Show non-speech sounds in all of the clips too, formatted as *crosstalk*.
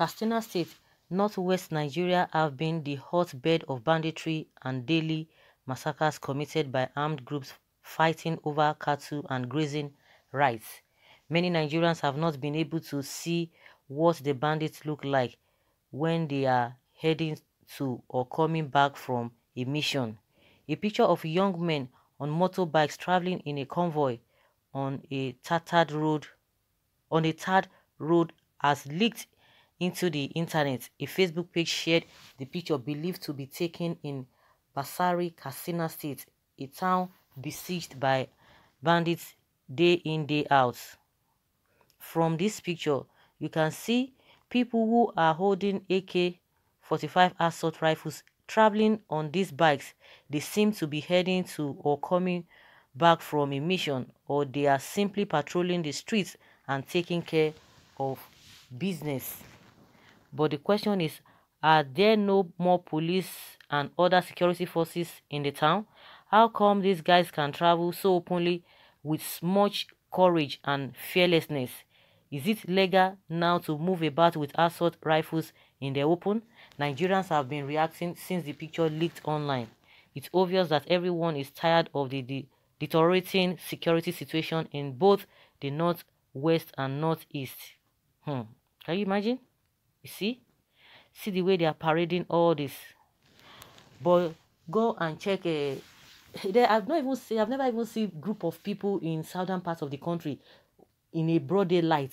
Kastina State, northwest Nigeria have been the hotbed of banditry and daily massacres committed by armed groups fighting over cattle and grazing rights. Many Nigerians have not been able to see what the bandits look like when they are heading to or coming back from a mission. A picture of young men on motorbikes traveling in a convoy on a tattered road on a tattered road has leaked into the internet. A Facebook page shared the picture believed to be taken in Basari, Kasina State, a town besieged by bandits day in, day out. From this picture, you can see people who are holding AK-45 assault rifles traveling on these bikes. They seem to be heading to or coming back from a mission or they are simply patrolling the streets and taking care of business. But the question is, are there no more police and other security forces in the town? How come these guys can travel so openly with much courage and fearlessness? Is it legal now to move about with assault rifles in the open? Nigerians have been reacting since the picture leaked online. It's obvious that everyone is tired of the, deteriorating security situation in both the north, west, and northeast. Hmm. Can you imagine? You see? See the way they are parading all this. But go and check eh, a *laughs* they, I've not even seen I've never even seen group of people in southern parts of the country in a broad daylight.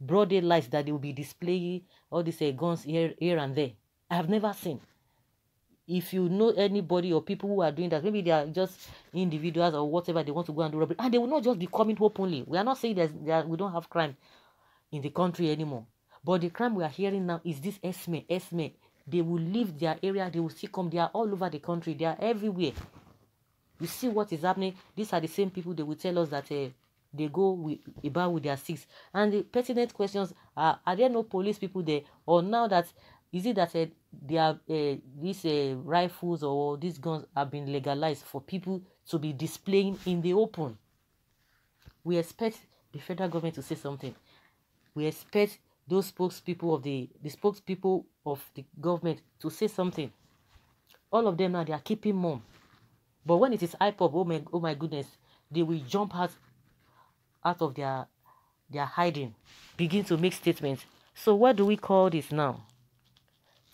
Broad daylight that they will be displaying all these uh, guns here here and there. I have never seen. If you know anybody or people who are doing that, maybe they are just individuals or whatever they want to go and do robbery, and they will not just be coming openly. We are not saying that we don't have crime in the country anymore. But the crime we are hearing now is this Esme, Esme. They will leave their area, they will still come. They are all over the country, they are everywhere. You see what is happening. These are the same people they will tell us that uh, they go with, about with their six. And the pertinent questions are Are there no police people there? Or now that is it that uh, they are, uh, these uh, rifles or these guns have been legalized for people to be displaying in the open? We expect the federal government to say something. We expect those spokespeople of the the spokespeople of the government to say something. All of them now they are keeping mum. But when it is IPOP, oh my oh my goodness, they will jump out out of their their hiding, begin to make statements. So what do we call this now?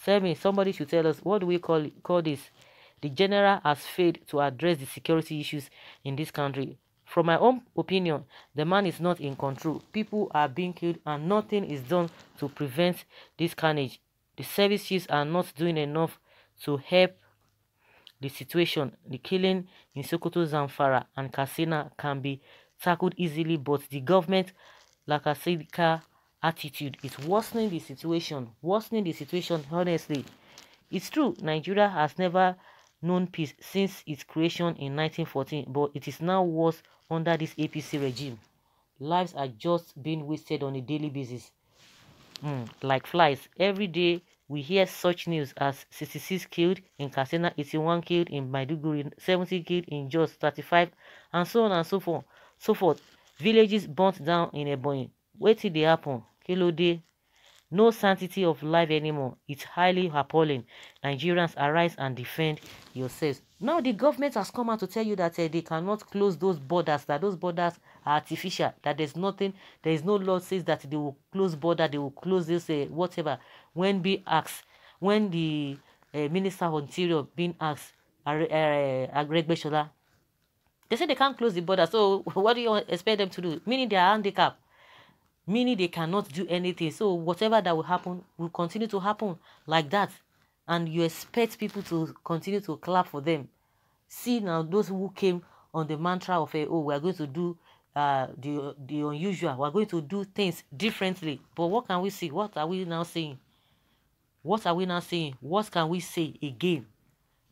Tell me, somebody should tell us what do we call call this? The general has failed to address the security issues in this country from my own opinion, the man is not in control. People are being killed and nothing is done to prevent this carnage. The services are not doing enough to help the situation. The killing in Sokoto, Zamfara and Katsina can be tackled easily, but the government lackadaisical attitude is worsening the situation. Worsening the situation, honestly. It's true, Nigeria has never known peace since its creation in 1914, but it is now worse under this APC regime. Lives are just being wasted on a daily basis, mm, like flies. Every day we hear such news as 66 killed in Kasena, 81 killed in Maiduguri, 70 killed in Jos, 35, and so on and so forth. So forth. Villages burnt down in Ebony. Wait till they happen. Kilo day, no sanctity of life anymore. It's highly appalling. Nigerians, arise and defend yourselves. Now the government has come out to tell you that uh, they cannot close those borders, that those borders are artificial, that there's nothing, there is no law says that they will close border, they will close this, uh, whatever. When being asked, when the uh, Minister of Interior being asked, Agregbeshola, they say they can't close the border, so *laughs* what do you expect them to do? Meaning they are handicapped meaning they cannot do anything. So whatever that will happen will continue to happen like that. And you expect people to continue to clap for them. See now those who came on the mantra of, eh, oh, we are going to do uh, the, the unusual. We are going to do things differently. But what can we see? What are we now seeing? What are we now saying? What can we say again?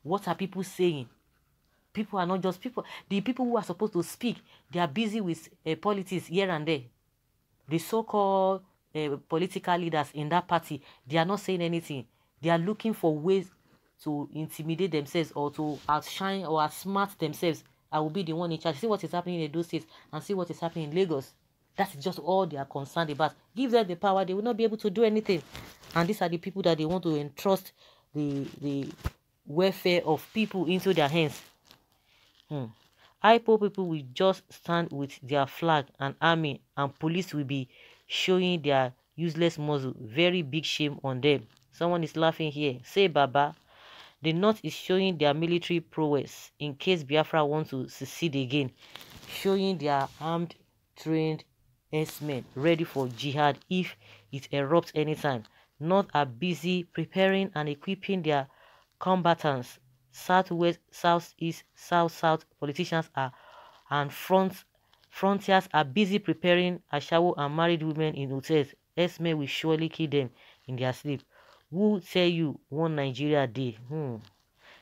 What are people saying? People are not just people. The people who are supposed to speak, they are busy with uh, politics here and there the so-called uh, political leaders in that party, they are not saying anything. They are looking for ways to intimidate themselves or to outshine or outsmart themselves. I will be the one in charge. See what is happening in those states and see what is happening in Lagos. That's just all they are concerned about. Give them the power, they will not be able to do anything. And these are the people that they want to entrust the the welfare of people into their hands. Hmm. IPO people will just stand with their flag and army and police will be showing their useless muzzle. Very big shame on them. Someone is laughing here. Say Baba. The North is showing their military prowess in case Biafra wants to secede again. Showing their armed, trained S-men ready for jihad if it erupts anytime. North are busy preparing and equipping their combatants southwest, southeast, south south politicians are and front frontiers are busy preparing Ashawo and married women in hotels. Esme will surely kill them in their sleep. Who tell you one Nigeria day? Hmm.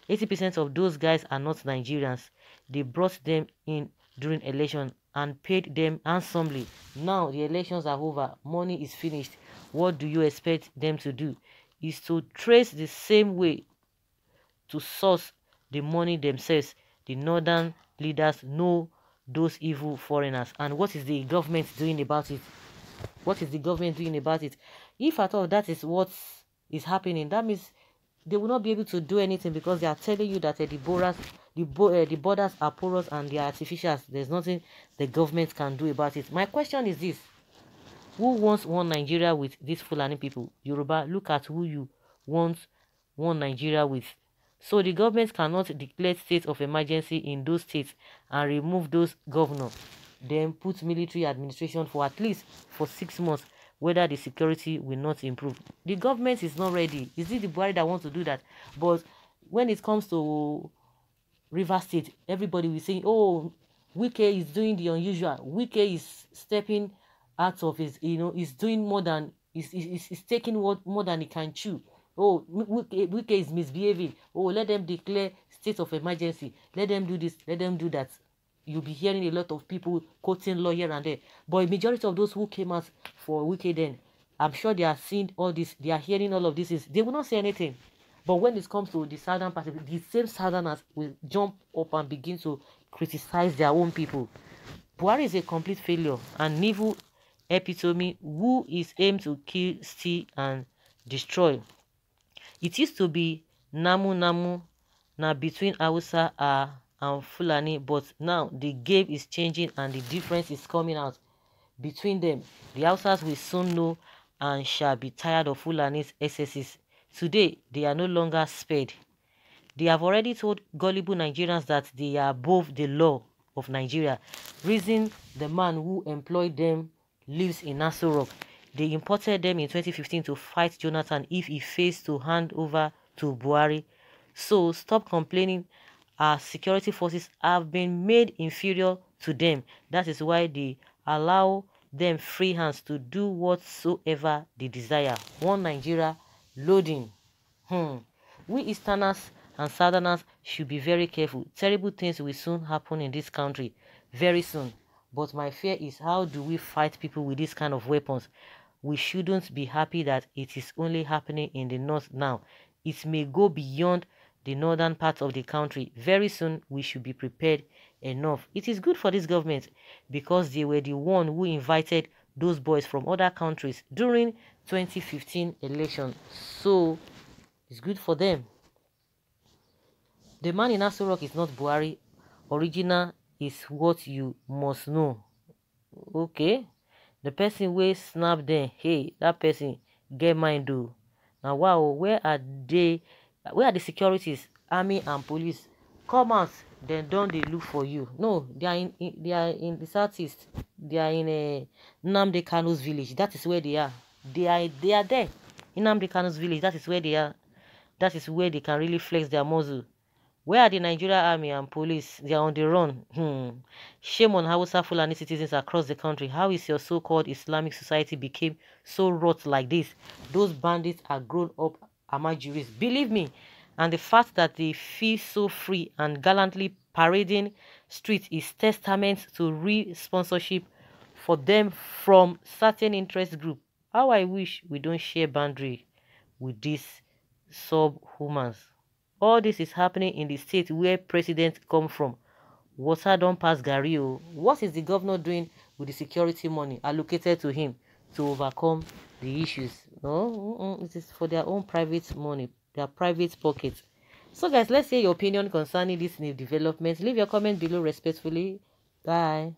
80% of those guys are not Nigerians. They brought them in during election and paid them handsomely. Now the elections are over. Money is finished. What do you expect them to do? Is to trace the same way to source the money themselves. The northern leaders know those evil foreigners. And what is the government doing about it? What is the government doing about it? If at all that is what is happening, that means they will not be able to do anything because they are telling you that uh, the borders, the, bo uh, the borders are porous and they are artificial. There's nothing the government can do about it. My question is this: Who wants one Nigeria with these Fulani people? Yoruba, look at who you want one Nigeria with. So the government cannot declare state of emergency in those states and remove those governors. Then put military administration for at least for six months whether the security will not improve. The government is not ready. Is it the body that wants to do that? But when it comes to River State, everybody will say, oh, Wike is doing the unusual. Wike is stepping out of his, you know, is doing more than, is, is, is taking what more than he can chew oh wike is misbehaving oh let them declare state of emergency let them do this let them do that you'll be hearing a lot of people quoting law here and there but majority of those who came out for wike then i'm sure they are seeing all this they are hearing all of this is they will not say anything but when it comes to the southern part the same southerners will jump up and begin to criticize their own people buhari is a complete failure and evil epitome who is aimed to kill steal and destroy it used to be Namu Namu now between Hausa uh, and Fulani, but now the game is changing and the difference is coming out between them. The Hausas will soon know and shall be tired of Fulani's excesses. Today, they are no longer spared. They have already told gullible Nigerians that they are above the law of Nigeria. Reason the man who employed them lives in Nassau Rock. They imported them in 2015 to fight Jonathan if he fails to hand over to Buhari. So stop complaining our security forces have been made inferior to them. That is why they allow them free hands to do whatsoever they desire. One Nigeria loading. Hmm. We Easterners and Southerners should be very careful. Terrible things will soon happen in this country. Very soon. But my fear is how do we fight people with these kind of weapons? We shouldn't be happy that it is only happening in the north now. It may go beyond the northern part of the country. Very soon, we should be prepared enough. It is good for this government because they were the one who invited those boys from other countries during 2015 election. So, it's good for them. The man in Aso is not Buhari. Original is what you must know. Okay. the person wey snap dem hey dat person get mind o na why o where are they where are the securities army and police come out dem don dey look for you no they are in, they are in the southeast they are in uh, nnamdi kanu's village that is where they are they are they are there in nnamdi kanu's village that is where they are that is where they can really flex their muscle Where are the Nigeria army and police? They are on the run. Hmm. Shame on Hausa Fulani citizens across the country. How is your so-called Islamic society became so rot like this? Those bandits are grown up Amajiris. Believe me, and the fact that they feel so free and gallantly parading streets is testament to real sponsorship for them from certain interest group. How I wish we don't share boundary with these subhumans. All this is happening in the state where presidents come from. Water don't pass Gario. Oh. What is the governor doing with the security money allocated to him to overcome the issues? No, it is for their own private money, their private pockets. So guys, let's hear your opinion concerning this new development. Leave your comment below respectfully. Bye.